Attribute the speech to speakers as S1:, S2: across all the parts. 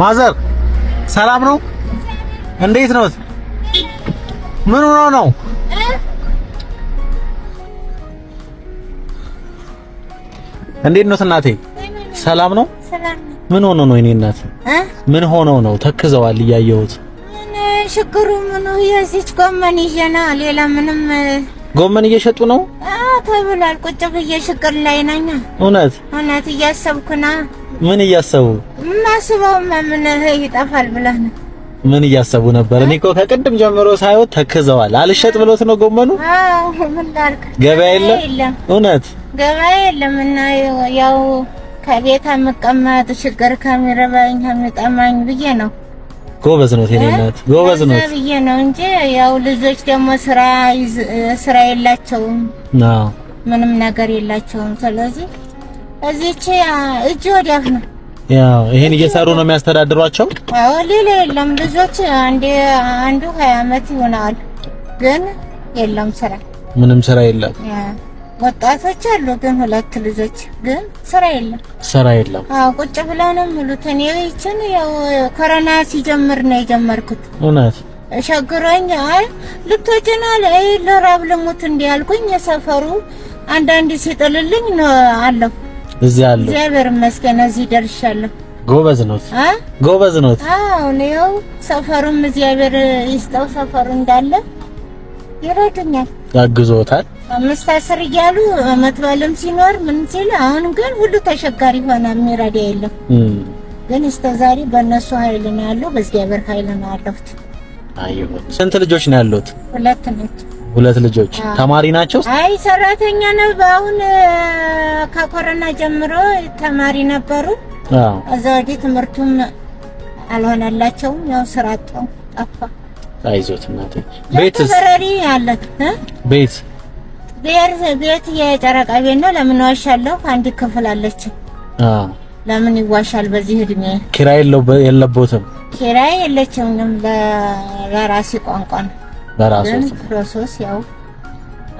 S1: ማዘር ሰላም ነው? እንዴት ነው? ምን ሆኖ ነው? እንዴት ነው እናቴ? ሰላም ነው? ምን ሆኖ ነው? እኔ እናት ምን ሆኖ ነው? ተክዘዋል እያየሁት።
S2: ችግሩ ምኑ የዚች ጎመን ይዤና ሌላ ምንም
S1: ጎመን እየሸጡ ነው
S2: ተብሏል። ቁጭ ብዬ ችግር ላይ ነኝ። እውነት እውነት እያሰብኩና ምን እያሰቡ ማስበው ምን ይጠፋል ብለህ ነው?
S1: ምን እያሰቡ ነበር? እኔ እኮ ከቅድም ጀምሮ ሳይወት ተክዘዋል። አልሸጥ ብሎት ነው ጎመኑ።
S2: አዎ ምን ላድርግ፣
S1: ገበያ የለም። እውነት
S2: ገበያ የለም። እና ያው ከቤት የምቀመጥ ችግር ከሚረባኝ ከሚጠማኝ ብዬ ነው።
S1: ጎበዝ ነው ቴሌናት ጎበዝ ነው
S2: ብዬ ነው እንጂ ያው ልጆች ደግሞ ስራ ስራ የላቸውም። አዎ ምንም ነገር የላቸውም። ስለዚህ እዚች እጅ ወዲያፍ ነው
S1: ያው ይሄን እየሰሩ ነው የሚያስተዳድሯቸው።
S2: አዎ ሌላ የለም። ልጆች አንዴ አንዱ 20 አመት ይሆናል፣ ግን የለም ስራ፣
S1: ምንም ስራ የለም።
S2: ወጣቶች አሉ፣ ግን ሁለት ልጆች፣ ግን ስራ የለም፣ ስራ የለም። አዎ ቁጭ ብለው ነው የሚሉት። እኔ ይችን ያው ኮሮና ሲጀምር ነው የጀመርኩት። እውነት ሸግሮኝ አይ ልትወጪ ነው አይ ልራብ ልሙት እንዲያልኩኝ የሰፈሩ አንዳንድ ሲጥልልኝ ነው አለሁ እዚህ አለው። እግዚአብሔር ይመስገን እዚህ ደርሻለሁ።
S1: ጎበዝ ነው አ ጎበዝ ነው።
S2: አዎ ነው። ሰፈሩም እግዚአብሔር ይስጠው። ሰፈሩ እንዳለ ይረዱኛል፣
S1: ያግዞታል።
S2: አምስት አስር እያሉ መትበልም ሲኖር ምን ሲል፣ አሁን ግን ሁሉ ተሸጋሪ ሆነ፣ የሚረዳ የለም። ግን እስከዛሬ በእነሱ ኃይል ነው ያለው፣ በእግዚአብሔር ኃይል ነው ያለሁት።
S1: አይሁን ስንት ልጆች ነው ያሉት?
S2: ሁለት ናቸው።
S1: ሁለት ልጆች ተማሪ ናቸው።
S2: አይ ሰራተኛ ነው። በአሁን ከኮረና ጀምሮ ተማሪ ነበሩ። እዛ ወዲህ ትምህርቱም አልሆነላቸውም። ያው ስራ አጣው ጠፋ።
S1: አይዞት እናቴ።
S2: ቤት ተፈራሪ አለ ቤት ቤት የጨረቃ ቤት ነው። ለምን ዋሻለሁ? አንድ ክፍል አለች። ለምን ይዋሻል? በዚህ እድሜ
S1: ኪራይ የለቦትም።
S2: ኪራይ የለችም። ለራሴ ቋንቋ ነው
S1: ፕሮሰስ
S2: ያው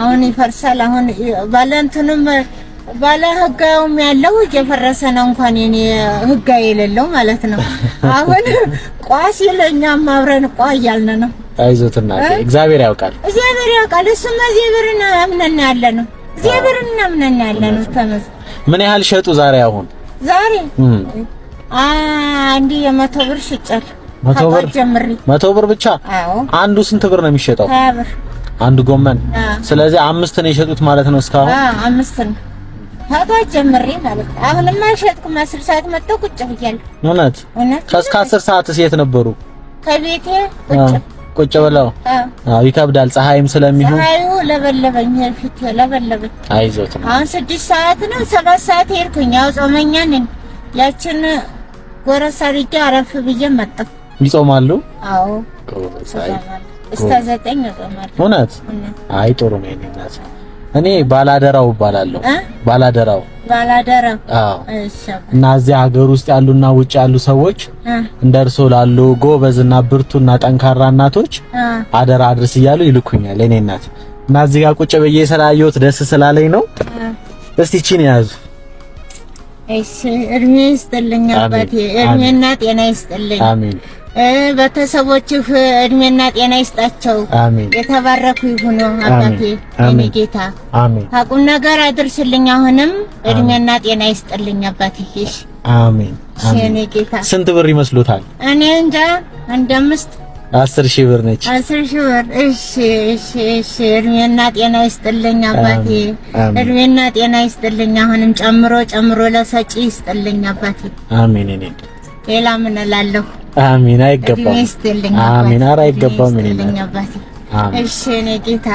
S2: አሁን ይፈርሳል። አሁን ባለ እንትንም ባለ ህጋውም ያለው እየፈረሰ ነው። እንኳን የኔ ህጋ የሌለው ማለት ነው። አሁን ቋስ ይለኛም አብረን ቋ እያልን ነው።
S1: አይዞት እናቴ፣ እግዚአብሔር ያውቃል፣
S2: እግዚአብሔር ያውቃል። አምነን ያለ ነው። አምነን ያለ ነው። ተመስ
S1: ምን ያህል ሸጡ ዛሬ? አሁን
S2: ዛሬ አንድ የመቶ ብር ሽጫል።
S1: መቶ ብር መቶ ብር ብቻ። አንዱ ስንት ብር ነው የሚሸጠው? አንዱ ጎመን። ስለዚህ አምስት ነው የሸጡት ማለት ነው እስካሁን።
S2: አምስት ነው ከጧት ጀምሬ ማለት ነው። አሁንማ አልሸጥኩም። አስር ሰዓት መጥተው ቁጭ ብያለሁ።
S1: እውነት ከእስከ አስር ሰዓት ሴት ነበሩ?
S2: ከቤቴ ቁጭ
S1: ቁጭ ብለው። አዎ ይከብዳል፣ ፀሐይም ስለሚሆን
S2: ፀሐዩ ለበለበኝ፣ ፊት ለበለበኝ። አይዞት አሁን ስድስት ሰዓት ነው ሰባት ሰዓት ሄድኩኝ። ያው ጾመኛ ነኝ። ያችን ጎረሳ ልጅ አረፍ ብዬ መጣሁ። ይጾማሉ? አዎ ዘጠኝ
S1: እውነት? አይ ጥሩ ነው። የእኔ እናት እኔ ባላደራው እባላለሁ። ባላደራው
S2: ባላደራው። አዎ።
S1: እና እዚህ ሀገር ውስጥ ያሉና ውጭ ያሉ ሰዎች እንደ እርሶ ላሉ ጎበዝና ብርቱና ጠንካራ እናቶች አደራ አድርስ እያሉ ይልኩኛል። የእኔ እናት እና እዚህ ጋር ቁጭ ብዬ ስላየሁት ደስ ስላለኝ ነው። እስቲ ቺን ያዙ
S2: እድሜ ይስጥልኝ አባቴ፣ እድሜና ጤና ይስጥልኝ። ቤተሰቦችህ እድሜና ጤና ይስጣቸው። የተባረኩ ይሁኑ አባቴ፣ የኔ ጌታ አቁም ነገር አድርስልኝ። አሁንም እድሜና ጤና ይስጥልኝ አባቴ። አሜን። የኔ ጌታ
S1: ስንት ብር ይመስሉታል?
S2: እኔ እንጃ አንድ አምስት
S1: አስር ሺህ ብር ነች።
S2: አስር ሺህ ብር እሺ፣ እሺ፣ እሺ። እድሜና ጤና ይስጥልኝ አባቴ፣ እድሜና ጤና ይስጥልኝ። አሁንም ጨምሮ ጨምሮ ለሰጪ ይስጥልኝ አባቴ። አሜን። እኔ ሌላ ምን እላለሁ?
S1: አሜን። አይገባም። ይስጥልኝ አሜን። ኧረ አይገባም። እኔ
S2: እሺ፣ እኔ ጌታ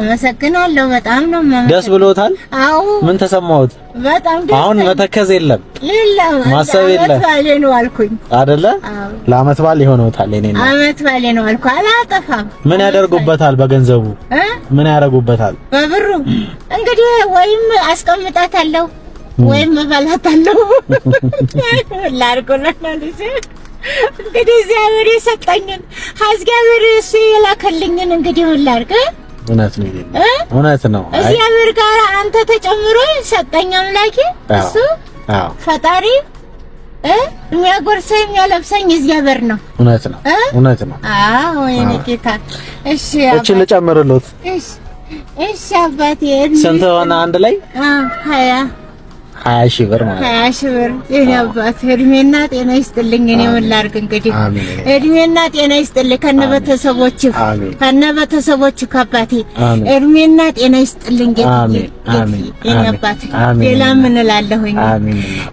S2: አመሰግናለሁ። በጣም ነው
S1: ደስ ብሎታል። አዎ ምን ተሰማሁት? በጣም ደስ አሁን መተከዝ የለም የለም ማሰብ የለም።
S2: ባሌ ነው አልኩኝ
S1: አይደለ? ለአመት ባል ይሆነውታል። እኔ ነው
S2: አመት ባሌ ነው አልኩ። አላጠፋም።
S1: ምን ያደርጉበታል? በገንዘቡ ምን ያደርጉበታል?
S2: በብሩ እንግዲህ ወይም አስቀምጣታለሁ ወይም እበላታለሁ። ላርጎላና ልጅ እንግዲህ እግዚአብሔር የሰጠኝን እግዚአብሔር እሱ የላከልኝን እንግዲህ ላርገ
S1: እውነት ነው እውነት ነው።
S2: እግዚአብሔር ጋር አንተ ተጨምሮ ሰጠኝ አምላኬ እሱ ፈጣሪ የሚያጎርሰኝ የሚያለብሰኝ እግዚአብሔር ነው።
S1: እውነት ነው እውነት ነው።
S2: አዎ የኔ ጌታ። እሺ
S1: እቺ ልጨምርልዎት። እሺ
S2: እሺ አባቴ
S1: ስንት ሆነ አንድ ላይ? ሀያ ሀያ ሺህ ብር ማለት
S2: ሀያ ሺህ ብር የኔ አባት እድሜና ጤና ይስጥልኝ። እኔ ምን ላድርግ እንግዲህ እድሜና ጤና ይስጥልኝ ከነበተሰቦችህ ከነበተሰቦችህ ከአባቴ እድሜና ጤና ይስጥልኝ። የኔ አባት ሌላ ምን እላለሁኝ?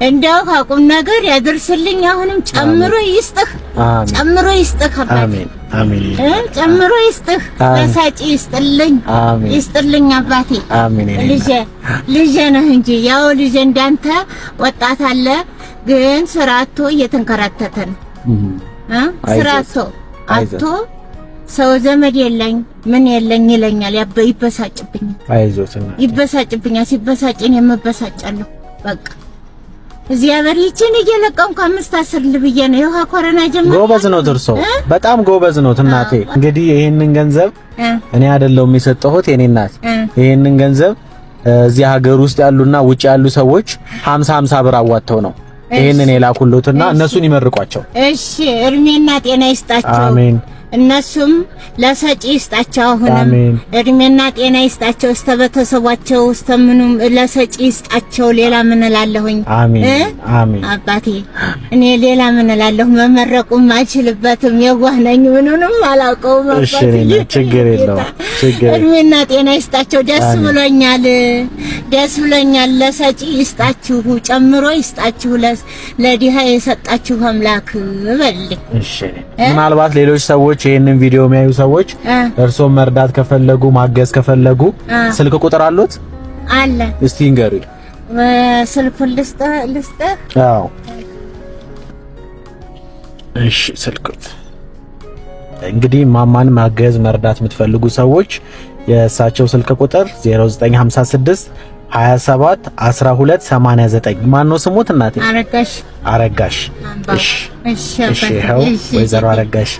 S2: እንዲያው ከቁም ነገር ያደርስልኝ። አሁንም ጨምሮ ይስጥህ፣ ጨምሮ ይስጥህ አባቴ አሜን። ጨምሮ ይስጥህ፣ በሳጭ ይስጥልኝ፣ ይስጥልኝ አባቴ።
S1: አሜን። ልጄ
S2: ልጄ ነህ እንጂ ያው ልጄ እንዳንተ ወጣት አለ፣ ግን ስራ አጥቶ እየተንከራተተ ነው። ስራ አጥቶ አጥቶ ሰው ዘመድ የለኝ ምን የለኝ ይለኛል፣ ይበሳጭብኛል፣ ይበሳጭብኛል። ሲበሳጭን የምበሳጫለሁ በቃ እግዚአብሔር ይችን እየለቀምኩ አምስት አስር ልብዬ ነው። ይኸው ኮረና ጀመረ።
S1: ጎበዝ ነው ትርሶ፣ በጣም ጎበዝ ነው እናቴ። እንግዲህ ይሄንን ገንዘብ እኔ አይደለሁም የሰጠሁት የኔ እናት። ይሄንን ገንዘብ እዚህ ሀገር ውስጥ ያሉና ውጭ ያሉ ሰዎች 50 50 ብር አዋጥተው ነው ይሄንን የላኩሎትና እነሱን ይመርቋቸው።
S2: እሺ እድሜና ጤና ይስጣቸው። አሜን። እነሱም ለሰጪ ይስጣቸው። አሁንም እድሜና ጤና ይስጣቸው። እስተ ቤተሰቧቸው እስተምኑም ለሰጪ ይስጣቸው። ሌላ ምን እላለሁኝ?
S1: አሜን
S2: አባቴ። እኔ ሌላ ምን እላለሁ? መመረቁም አይችልበትም። የዋህ ነኝ፣ ምኑንም አላውቀውም።
S1: አባቴ ችግር የለው።
S2: እድሜና ጤና ይስጣቸው። ደስ ብሎኛል፣ ደስ ብሎኛል። ለሰጪ ይስጣችሁ፣ ጨምሮ ይስጣችሁ። ለድሃ የሰጣችሁ አምላክ በል።
S1: እሺ ምናልባት ሌሎች ሰዎች ሰዎች ይህንን ቪዲዮ የሚያዩ ሰዎች እርስዎን መርዳት ከፈለጉ ማገዝ ከፈለጉ ስልክ ቁጥር አሉት? አለ። እስቲ ንገሪ።
S2: ስልኩን ልስጥ ልስጥ። አዎ፣
S1: እሺ፣ ስልኩት እንግዲህ ማማን ማገዝ መርዳት የምትፈልጉ ሰዎች የእሳቸው ስልክ ቁጥር 0956 27 12 89 ማን ነው ስሙት? እናቴ አረጋሽ አረጋሽ። እሺ እሺ፣ ይኸው ወይዘሮ አረጋሽ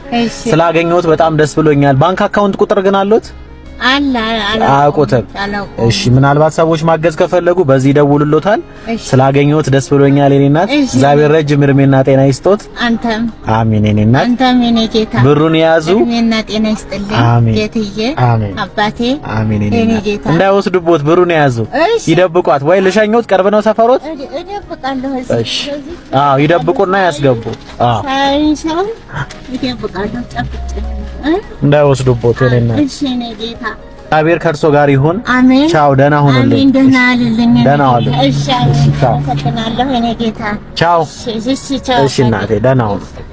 S1: ስላገኘሁት በጣም ደስ ብሎኛል። ባንክ አካውንት ቁጥር ግን አሉት? አያውቁትም። እሺ ምናልባት ሰዎች ማገዝ ከፈለጉ በዚህ ደውሉሎታል። ስላገኘሁት ደስ ብሎኛል የኔ እናት፣ እግዚአብሔር ረጅም እድሜና ጤና ይስጦት። አንተም አሜን የኔ እናት፣
S2: አንተም የኔ ጌታ፣
S1: ብሩን ያዙ።
S2: እድሜና ጤና ይስጥልኝ አሜን ጌትዬ፣ አባቴ፣
S1: አሜን የኔ ጌታ። እንዳይወስዱቦት ብሩን ያዙ፣ ይደብቋት። ወይ ልሸኘሁት፣ ቅርብ ነው ሰፈሮት። እሺ አዎ፣ ይደብቁና ያስገቡ። አዎ እንዳይወስዱቦት የኔና እሺ እኔ ጌታ እግዚአብሔር ከእርሶ ጋር ይሁን። አሜን። ቻው፣ ደህና ሁኑልኝ።
S2: አሜን። ደህና አልልኝ። ደህና ዋሉ። እሺ፣ አሜን። እኔ
S1: ጌታ። ቻው።
S2: እሺ፣ እሺ፣ ቻው።
S1: እሺ፣ እናቴ ደህና ሁኑ።